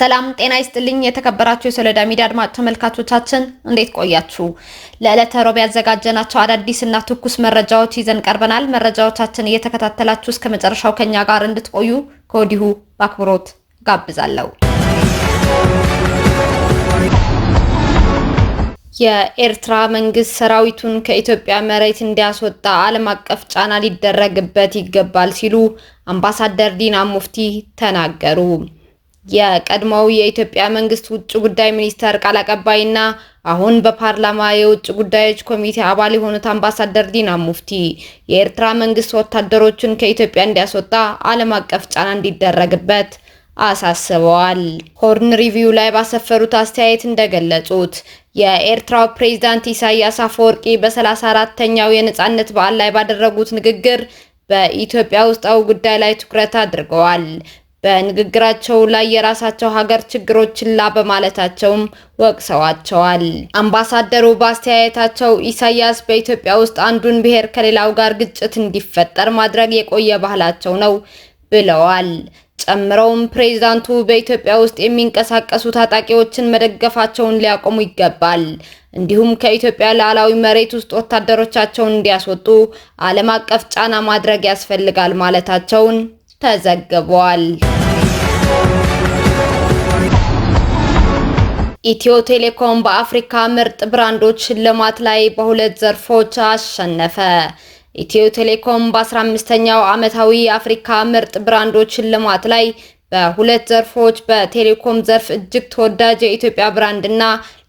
ሰላም ጤና ይስጥልኝ። የተከበራችሁ የሶሎዳ ሚዲያ አድማጭ ተመልካቾቻችን እንዴት ቆያችሁ? ለዕለተ ሮብ ያዘጋጀናቸው አዳዲስ እና ትኩስ መረጃዎች ይዘን ቀርበናል። መረጃዎቻችን እየተከታተላችሁ እስከ መጨረሻው ከኛ ጋር እንድትቆዩ ከወዲሁ በአክብሮት ጋብዛለሁ። የኤርትራ መንግስት ሰራዊቱን ከኢትዮጵያ መሬት እንዲያስወጣ ዓለም አቀፍ ጫና ሊደረግበት ይገባል ሲሉ አምባሳደር ዲና ሙፍቲ ተናገሩ። የቀድሞው የኢትዮጵያ መንግስት ውጭ ጉዳይ ሚኒስተር ቃል አቀባይና አሁን በፓርላማ የውጭ ጉዳዮች ኮሚቴ አባል የሆኑት አምባሳደር ዲና ሙፍቲ የኤርትራ መንግስት ወታደሮችን ከኢትዮጵያ እንዲያስወጣ ዓለም አቀፍ ጫና እንዲደረግበት አሳስበዋል። ሆርን ሪቪው ላይ ባሰፈሩት አስተያየት እንደገለጹት የኤርትራው ፕሬዝዳንት ኢሳያስ አፈወርቂ በሰላሳ አራተኛው የነጻነት በዓል ላይ ባደረጉት ንግግር በኢትዮጵያ ውስጣዊ ጉዳይ ላይ ትኩረት አድርገዋል። በንግግራቸው ላይ የራሳቸው ሀገር ችግሮች ችላ በማለታቸውም ወቅሰዋቸዋል። አምባሳደሩ በአስተያየታቸው ኢሳያስ በኢትዮጵያ ውስጥ አንዱን ብሔር ከሌላው ጋር ግጭት እንዲፈጠር ማድረግ የቆየ ባህላቸው ነው ብለዋል። ጨምረውም ፕሬዚዳንቱ በኢትዮጵያ ውስጥ የሚንቀሳቀሱ ታጣቂዎችን መደገፋቸውን ሊያቆሙ ይገባል፣ እንዲሁም ከኢትዮጵያ ሉዓላዊ መሬት ውስጥ ወታደሮቻቸውን እንዲያስወጡ ዓለም አቀፍ ጫና ማድረግ ያስፈልጋል ማለታቸውን ተዘግቧል። ኢትዮ ቴሌኮም በአፍሪካ ምርጥ ብራንዶች ሽልማት ላይ በሁለት ዘርፎች አሸነፈ። ኢትዮ ቴሌኮም በ15ኛው ዓመታዊ የአፍሪካ ምርጥ ብራንዶች ሽልማት ላይ በሁለት ዘርፎች በቴሌኮም ዘርፍ እጅግ ተወዳጅ የኢትዮጵያ ብራንድና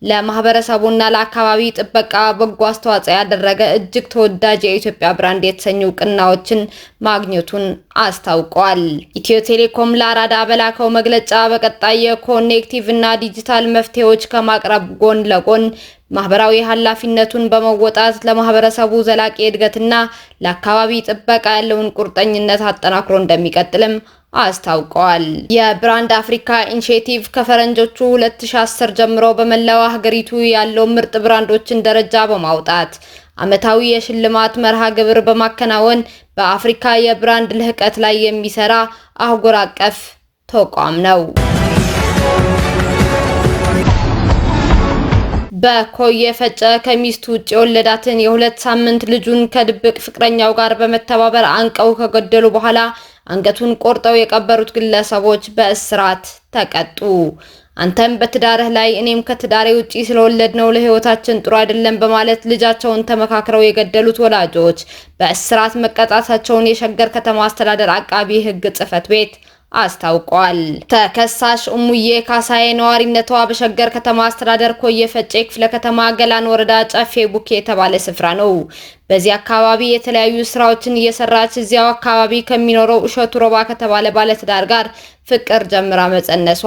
ለማህበረሰቡና ለአካባቢ ጥበቃ በጎ አስተዋጽኦ ያደረገ እጅግ ተወዳጅ የኢትዮጵያ ብራንድ የተሰኙ እውቅናዎችን ማግኘቱን አስታውቋል። ኢትዮ ቴሌኮም ለአራዳ በላከው መግለጫ በቀጣይ የኮኔክቲቭ እና ዲጂታል መፍትሄዎች ከማቅረብ ጎን ለጎን ማህበራዊ ኃላፊነቱን በመወጣት ለማህበረሰቡ ዘላቂ እድገትና ለአካባቢ ጥበቃ ያለውን ቁርጠኝነት አጠናክሮ እንደሚቀጥልም አስታውቀዋል። የብራንድ አፍሪካ ኢኒሼቲቭ ከፈረንጆቹ 2010 ጀምሮ በመላው ሀገሪቱ ያለው ምርጥ ብራንዶችን ደረጃ በማውጣት ዓመታዊ የሽልማት መርሃ ግብር በማከናወን በአፍሪካ የብራንድ ልህቀት ላይ የሚሰራ አህጉር አቀፍ ተቋም ነው። በኮይ የፈጨ ከሚስቱ ውጭ የወለዳትን የሁለት ሳምንት ልጁን ከድብቅ ፍቅረኛው ጋር በመተባበር አንቀው ከገደሉ በኋላ አንገቱን ቆርጠው የቀበሩት ግለሰቦች በእስራት ተቀጡ። አንተም በትዳርህ ላይ እኔም ከትዳሬ ውጪ ስለወለድ ነው ለህይወታችን ጥሩ አይደለም በማለት ልጃቸውን ተመካክረው የገደሉት ወላጆች በእስራት መቀጣታቸውን የሸገር ከተማ አስተዳደር አቃቢ ህግ ጽህፈት ቤት አስታውቋል። ተከሳሽ እሙዬ ካሳዬ ነዋሪነቷ በሸገር ከተማ አስተዳደር ኮየ ፈጬ ክፍለ ከተማ ገላን ወረዳ ጨፌ ቡኬ የተባለ ስፍራ ነው። በዚህ አካባቢ የተለያዩ ስራዎችን እየሰራች እዚያው አካባቢ ከሚኖረው እሸቱ ሮባ ከተባለ ባለትዳር ጋር ፍቅር ጀምራ መጸነሷ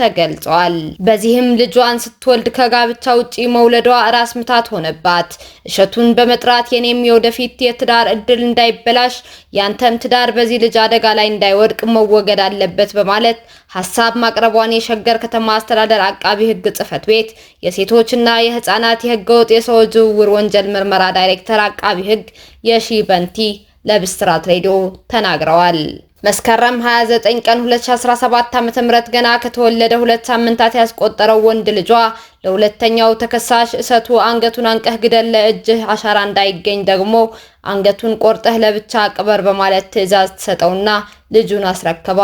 ተገልጿል። በዚህም ልጇን ስትወልድ ከጋብቻ ውጪ መውለዷ ራስ ምታት ሆነባት። እሸቱን በመጥራት የኔም የወደፊት የትዳር እድል እንዳይበላሽ፣ ያንተም ትዳር በዚህ ልጅ አደጋ ላይ እንዳይወድቅ መወገድ አለበት በማለት ሀሳብ ማቅረቧን የሸገር ከተማ አስተዳደር አቃቢ ሕግ ጽሕፈት ቤት የሴቶችና የህፃናት የህገወጥ የሰው ዝውውር ወንጀል ምርመራ ዳይሬክተር አቃቢ ሕግ የሺ በንቲ ለብስራት ሬዲዮ ተናግረዋል። መስከረም 29 ቀን 2017 ዓ.ም ገና ከተወለደ ሁለት ሳምንታት ያስቆጠረው ወንድ ልጇ ለሁለተኛው ተከሳሽ እሰቱ አንገቱን አንቀህ ግደል፣ ለእጅህ አሻራ እንዳይገኝ ደግሞ አንገቱን ቆርጠህ ለብቻ ቅበር በማለት ትዕዛዝ ትሰጠውና ልጁን አስረክባ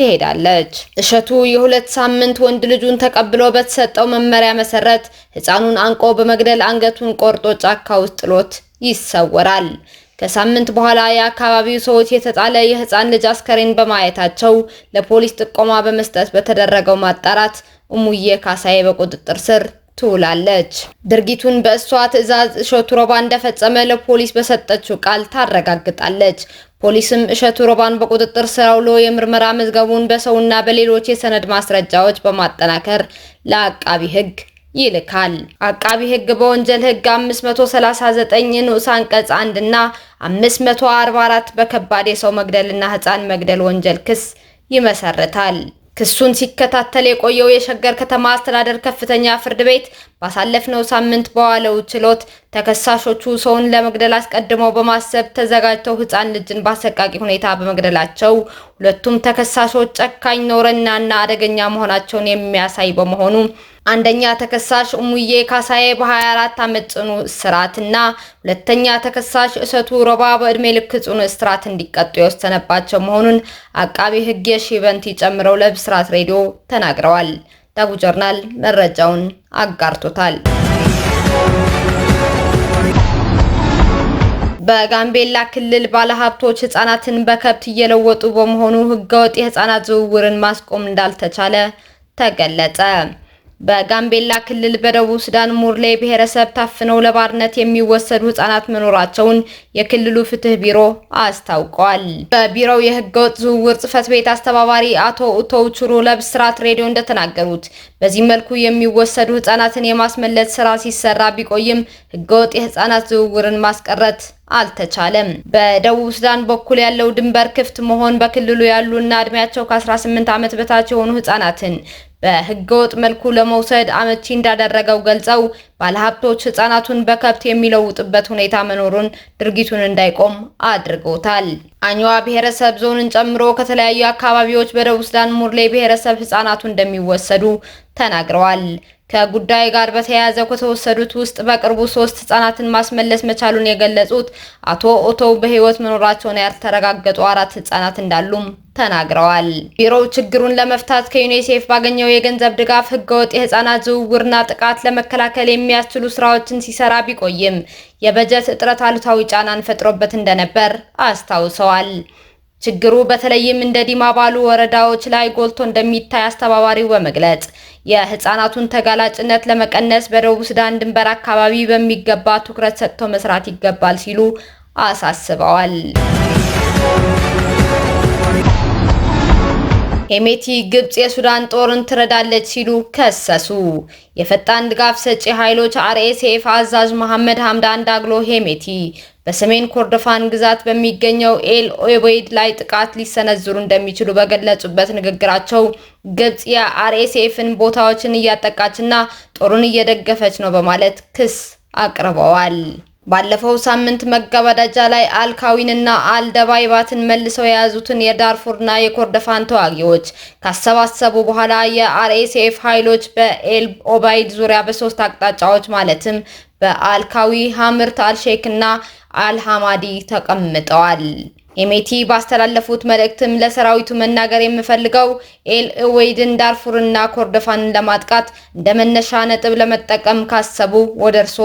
ትሄዳለች። እሸቱ የሁለት ሳምንት ወንድ ልጁን ተቀብሎ በተሰጠው መመሪያ መሰረት ሕፃኑን አንቆ በመግደል አንገቱን ቆርጦ ጫካ ውስጥ ጥሎት ይሰወራል። ከሳምንት በኋላ የአካባቢው ሰዎች የተጣለ የህፃን ልጅ አስከሬን በማየታቸው ለፖሊስ ጥቆማ በመስጠት በተደረገው ማጣራት እሙዬ ካሳዬ በቁጥጥር ስር ትውላለች። ድርጊቱን በእሷ ትዕዛዝ እሸቱ ሮባ እንደፈጸመ ለፖሊስ በሰጠችው ቃል ታረጋግጣለች። ፖሊስም እሸቱ ሮባን በቁጥጥር ስር አውሎ የምርመራ መዝገቡን በሰውና በሌሎች የሰነድ ማስረጃዎች በማጠናከር ለአቃቢ ህግ ይልካል። አቃቢ ህግ በወንጀል ህግ 539 ንዑስ አንቀጽ 1 እና 544 በከባድ የሰው መግደልና ህፃን መግደል ወንጀል ክስ ይመሰርታል። ክሱን ሲከታተል የቆየው የሸገር ከተማ አስተዳደር ከፍተኛ ፍርድ ቤት ባሳለፍነው ሳምንት በዋለው ችሎት ተከሳሾቹ ሰውን ለመግደል አስቀድመው በማሰብ ተዘጋጅተው ሕፃን ልጅን በአሰቃቂ ሁኔታ በመግደላቸው ሁለቱም ተከሳሾች ጨካኝ፣ ነውረኛና አደገኛ መሆናቸውን የሚያሳይ በመሆኑ አንደኛ ተከሳሽ እሙዬ ካሳዬ በ24 ዓመት ጽኑ እስራትና ሁለተኛ ተከሳሽ እሰቱ ሮባ በእድሜ ልክ ጽኑ እስራት እንዲቀጡ የወሰነባቸው መሆኑን አቃቢ ሕግ የሺበንቲ ጨምረው ለብስራት ሬዲዮ ተናግረዋል። ዳጉ ጆርናል መረጃውን አጋርቶታል። በጋምቤላ ክልል ባለሀብቶች ህጻናትን በከብት እየለወጡ በመሆኑ ህገወጥ የህጻናት ዝውውርን ማስቆም እንዳልተቻለ ተገለጸ። በጋምቤላ ክልል በደቡብ ሱዳን ሙርሌ ብሔረሰብ ታፍነው ለባርነት የሚወሰዱ ህጻናት መኖራቸውን የክልሉ ፍትህ ቢሮ አስታውቋል። በቢሮው የህገወጥ ዝውውር ጽህፈት ቤት አስተባባሪ አቶ ኡቶው ቹሩ ለብስራት ሬዲዮ እንደተናገሩት በዚህ መልኩ የሚወሰዱ ህጻናትን የማስመለስ ስራ ሲሰራ ቢቆይም ህገወጥ የህጻናት ዝውውርን ማስቀረት አልተቻለም። በደቡብ ሱዳን በኩል ያለው ድንበር ክፍት መሆን በክልሉ ያሉና እድሜያቸው ከ18 ዓመት በታች የሆኑ ህጻናትን በህገወጥ መልኩ ለመውሰድ አመቺ እንዳደረገው ገልጸው ባለሀብቶች ህጻናቱን በከብት የሚለውጥበት ሁኔታ መኖሩን ድርጊቱን እንዳይቆም አድርገውታል። አኝዋ ብሔረሰብ ዞንን ጨምሮ ከተለያዩ አካባቢዎች በደቡብ ሱዳን ሙርሌ ብሔረሰብ ህጻናቱ እንደሚወሰዱ ተናግረዋል። ከጉዳይ ጋር በተያያዘ ከተወሰዱት ውስጥ በቅርቡ ሶስት ህጻናትን ማስመለስ መቻሉን የገለጹት አቶ ኦቶ በህይወት መኖራቸውን ያልተረጋገጡ አራት ህጻናት እንዳሉም ተናግረዋል። ቢሮው ችግሩን ለመፍታት ከዩኒሴፍ ባገኘው የገንዘብ ድጋፍ ህገወጥ የህፃናት ዝውውርና ጥቃት ለመከላከል የሚያስችሉ ስራዎችን ሲሰራ ቢቆይም የበጀት እጥረት አሉታዊ ጫናን ፈጥሮበት እንደነበር አስታውሰዋል። ችግሩ በተለይም እንደ ዲማ ባሉ ወረዳዎች ላይ ጎልቶ እንደሚታይ አስተባባሪው በመግለጽ የህፃናቱን ተጋላጭነት ለመቀነስ በደቡብ ሱዳን ድንበር አካባቢ በሚገባ ትኩረት ሰጥቶ መስራት ይገባል ሲሉ አሳስበዋል። ሄሜቲ ግብጽ የሱዳን ጦርን ትረዳለች ሲሉ ከሰሱ። የፈጣን ድጋፍ ሰጪ ኃይሎች አርኤስኤፍ አዛዥ መሐመድ ሐምዳን ዳግሎ ሄሜቲ በሰሜን ኮርዶፋን ግዛት በሚገኘው ኤል ኦቤይድ ላይ ጥቃት ሊሰነዝሩ እንደሚችሉ በገለጹበት ንግግራቸው ግብጽ የአርኤስኤፍን ቦታዎችን እያጠቃችና ጦሩን እየደገፈች ነው በማለት ክስ አቅርበዋል። ባለፈው ሳምንት መገባደጃ ላይ አልካዊንና አልደባይባትን መልሰው የያዙትን የዳርፉርና የኮርደፋን ተዋጊዎች ካሰባሰቡ በኋላ የአርኤስኤፍ ኃይሎች በኤል ኦባይድ ዙሪያ በሶስት አቅጣጫዎች ማለትም በአልካዊ ሀምርት አልሼክ እና አልሃማዲ ተቀምጠዋል። ኤሜቲ ባስተላለፉት መልእክትም ለሰራዊቱ መናገር የምፈልገው ኤል ኦዌይድን ዳርፉርና ኮርዶፋንን ለማጥቃት እንደ መነሻ ነጥብ ለመጠቀም ካሰቡ ወደ እርሶ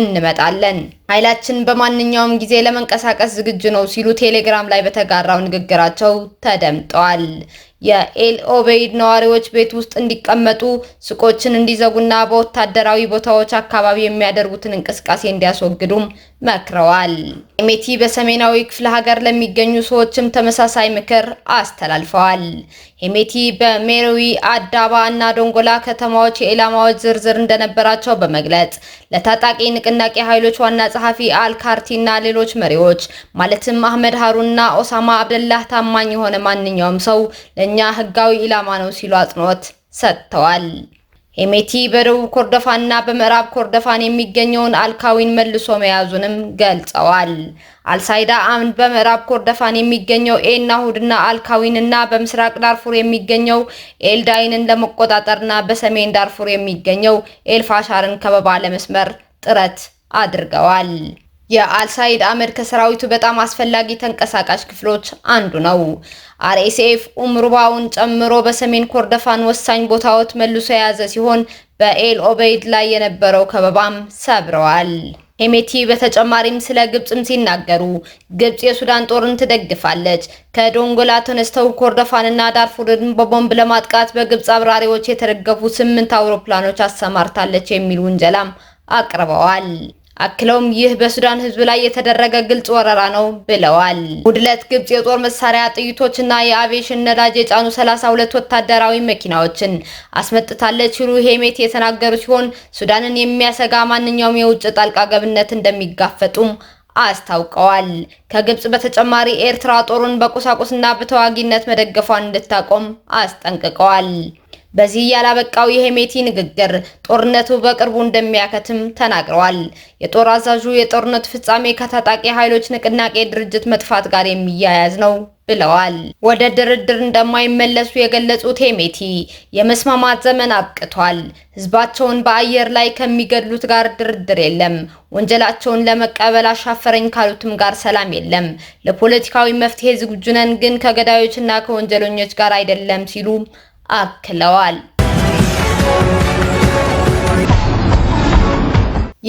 እንመጣለን። ኃይላችን በማንኛውም ጊዜ ለመንቀሳቀስ ዝግጁ ነው ሲሉ ቴሌግራም ላይ በተጋራው ንግግራቸው ተደምጠዋል። የኤል ኦቤይድ ነዋሪዎች ቤት ውስጥ እንዲቀመጡ፣ ሱቆችን እንዲዘጉና በወታደራዊ ቦታዎች አካባቢ የሚያደርጉትን እንቅስቃሴ እንዲያስወግዱም መክረዋል። ሜቲ በሰሜናዊ ክፍለ ሀገር ለሚገኙ ሰዎችም ተመሳሳይ ምክር አስተላልፈዋል። ሄሜቲ በሜሮዊ አዳባ እና ዶንጎላ ከተማዎች የኢላማዎች ዝርዝር እንደነበራቸው በመግለጽ ለታጣቂ ንቅናቄ ኃይሎች ዋና ጸሐፊ አልካርቲ እና ሌሎች መሪዎች ማለትም አህመድ ሀሩና ኦሳማ አብደላህ ታማኝ የሆነ ማንኛውም ሰው ለእኛ ህጋዊ ኢላማ ነው ሲሉ አጽንኦት ሰጥተዋል። ሄሜቲ በደቡብ ኮርዶፋንና በምዕራብ ኮርዶፋን የሚገኘውን አልካዊን መልሶ መያዙንም ገልጸዋል። አልሳይዳ አምድ በምዕራብ ኮርደፋን የሚገኘው ኤና ሁድና አልካዊን እና በምስራቅ ዳርፉር የሚገኘው ኤልዳይንን ለመቆጣጠርና በሰሜን ዳርፉር የሚገኘው ኤልፋሻርን ከበባ ለመስመር ጥረት አድርገዋል። የአልሳይድ አመድ ከሰራዊቱ በጣም አስፈላጊ ተንቀሳቃሽ ክፍሎች አንዱ ነው። አርኤስኤፍ ኡምሩባውን ጨምሮ በሰሜን ኮርደፋን ወሳኝ ቦታዎች መልሶ የያዘ ሲሆን በኤል ኦበይድ ላይ የነበረው ከበባም ሰብረዋል። ሄሜቲ በተጨማሪም ስለ ግብፅም ሲናገሩ ግብፅ የሱዳን ጦርን ትደግፋለች፣ ከዶንጎላ ተነስተው ኮርደፋንና ዳርፉርን በቦምብ ለማጥቃት በግብፅ አብራሪዎች የተደገፉ ስምንት አውሮፕላኖች አሰማርታለች የሚል ውንጀላም አቅርበዋል። አክለውም ይህ በሱዳን ህዝብ ላይ የተደረገ ግልጽ ወረራ ነው ብለዋል። ውድለት ግብጽ የጦር መሳሪያ ጥይቶችና የአቪዬሽን ነዳጅ የጫኑ ሰላሳ ሁለት ወታደራዊ መኪናዎችን አስመጥታለች ሲሉ ሄሜት የተናገሩ ሲሆን ሱዳንን የሚያሰጋ ማንኛውም የውጭ ጣልቃ ገብነት እንደሚጋፈጡም አስታውቀዋል። ከግብጽ በተጨማሪ ኤርትራ ጦሩን በቁሳቁስና በተዋጊነት መደገፏን እንድታቆም አስጠንቅቀዋል። በዚህ ያላበቃው የሄሜቲ ንግግር ጦርነቱ በቅርቡ እንደሚያከትም ተናግረዋል። የጦር አዛዡ የጦርነቱ ፍጻሜ ከታጣቂ ኃይሎች ንቅናቄ ድርጅት መጥፋት ጋር የሚያያዝ ነው ብለዋል። ወደ ድርድር እንደማይመለሱ የገለጹት ሄሜቲ የመስማማት ዘመን አብቅቷል፣ ህዝባቸውን በአየር ላይ ከሚገድሉት ጋር ድርድር የለም፣ ወንጀላቸውን ለመቀበል አሻፈረኝ ካሉትም ጋር ሰላም የለም፣ ለፖለቲካዊ መፍትሄ ዝግጁ ነን፣ ግን ከገዳዮችና ከወንጀለኞች ጋር አይደለም ሲሉ አክለዋል።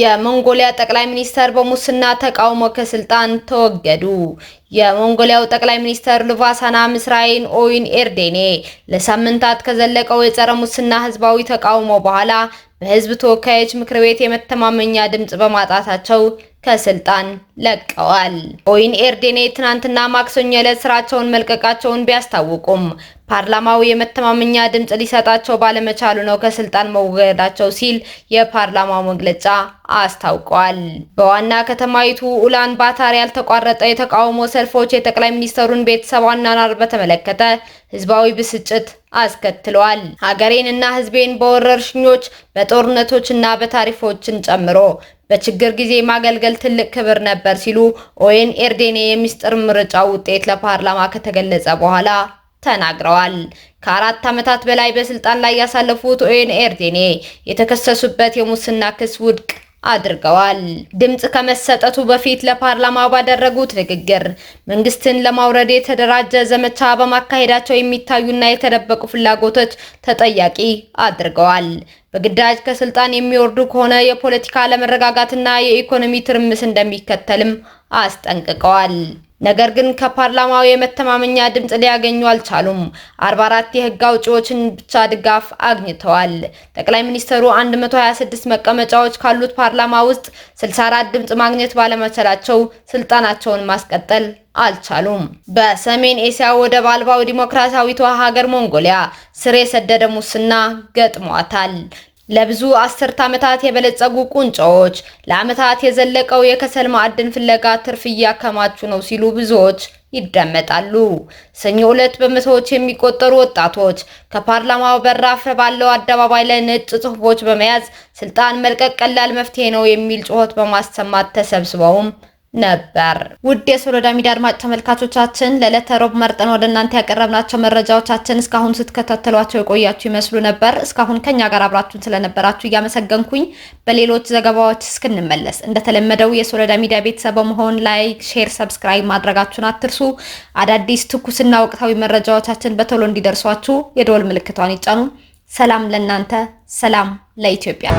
የሞንጎሊያ ጠቅላይ ሚኒስተር በሙስና ተቃውሞ ከስልጣን ተወገዱ። የሞንጎሊያው ጠቅላይ ሚኒስተር ሉቫሳና ምስራይን ኦይን ኤርዴኔ ለሳምንታት ከዘለቀው የጸረ ሙስና ህዝባዊ ተቃውሞ በኋላ በህዝብ ተወካዮች ምክር ቤት የመተማመኛ ድምፅ በማጣታቸው ከስልጣን ለቀዋል። ኦይን ኤርዴኔ ትናንትና ማክሰኞ ዕለት ስራቸውን መልቀቃቸውን ቢያስታውቁም ፓርላማው የመተማመኛ ድምፅ ሊሰጣቸው ባለመቻሉ ነው ከስልጣን መወገዳቸው ሲል የፓርላማው መግለጫ አስታውቋል። በዋና ከተማይቱ ኡላን ባታር ያልተቋረጠ የተቃውሞ ሰልፎች የጠቅላይ ሚኒስትሩን ቤተሰብ አኗኗር በተመለከተ ህዝባዊ ብስጭት አስከትሏል። ሀገሬን እና ህዝቤን በወረርሽኞች በጦርነቶች እና በታሪፎችን ጨምሮ በችግር ጊዜ ማገልገል ትልቅ ክብር ነበር ሲሉ ኦኤን ኤርዴኔ የሚስጥር ምርጫ ውጤት ለፓርላማ ከተገለጸ በኋላ ተናግረዋል። ከአራት ዓመታት በላይ በስልጣን ላይ ያሳለፉት ኦዌን ኤርዴኔ የተከሰሱበት የሙስና ክስ ውድቅ አድርገዋል። ድምፅ ከመሰጠቱ በፊት ለፓርላማ ባደረጉት ንግግር መንግስትን ለማውረድ የተደራጀ ዘመቻ በማካሄዳቸው የሚታዩና የተደበቁ ፍላጎቶች ተጠያቂ አድርገዋል። በግዳጅ ከስልጣን የሚወርዱ ከሆነ የፖለቲካ አለመረጋጋትና የኢኮኖሚ ትርምስ እንደሚከተልም አስጠንቅቀዋል። ነገር ግን ከፓርላማው የመተማመኛ ድምፅ ሊያገኙ አልቻሉም። 44 የህግ አውጪዎችን ብቻ ድጋፍ አግኝተዋል። ጠቅላይ ሚኒስትሩ 126 መቀመጫዎች ካሉት ፓርላማ ውስጥ 64 ድምፅ ማግኘት ባለመቻላቸው ስልጣናቸውን ማስቀጠል አልቻሉም። በሰሜን ኤስያ ወደብ አልባው ዲሞክራሲያዊቷ ሀገር ሞንጎሊያ ስር የሰደደ ሙስና ገጥሟታል። ለብዙ አስርተ ዓመታት የበለጸጉ ቁንጮዎች ለዓመታት የዘለቀው የከሰል ማዕድን ፍለጋ ትርፍ እያከማቹ ነው ሲሉ ብዙዎች ይደመጣሉ። ሰኞ ዕለት በመቶዎች የሚቆጠሩ ወጣቶች ከፓርላማው በራፍ ባለው አደባባይ ላይ ነጭ ጽሑፎች በመያዝ ስልጣን መልቀቅ ቀላል መፍትሄ ነው የሚል ጩኸት በማሰማት ተሰብስበውም ነበር። ውድ የሶሎዳ ሚዲያ አድማጭ ተመልካቾቻችን ለዕለተ ሮብ መርጠን ወደ እናንተ ያቀረብናቸው መረጃዎቻችን እስካሁን ስትከታተሏቸው የቆያችሁ ይመስሉ ነበር። እስካሁን ከኛ ጋር አብራችሁን ስለነበራችሁ እያመሰገንኩኝ በሌሎች ዘገባዎች እስክንመለስ እንደተለመደው የሶሎዳ ሚዲያ ቤተሰብ በመሆን ላይክ፣ ሼር፣ ሰብስክራይብ ማድረጋችሁን አትርሱ። አዳዲስ ትኩስና ወቅታዊ መረጃዎቻችን በቶሎ እንዲደርሷችሁ የደወል ምልክቷን ይጫኑ። ሰላም ለእናንተ፣ ሰላም ለኢትዮጵያ።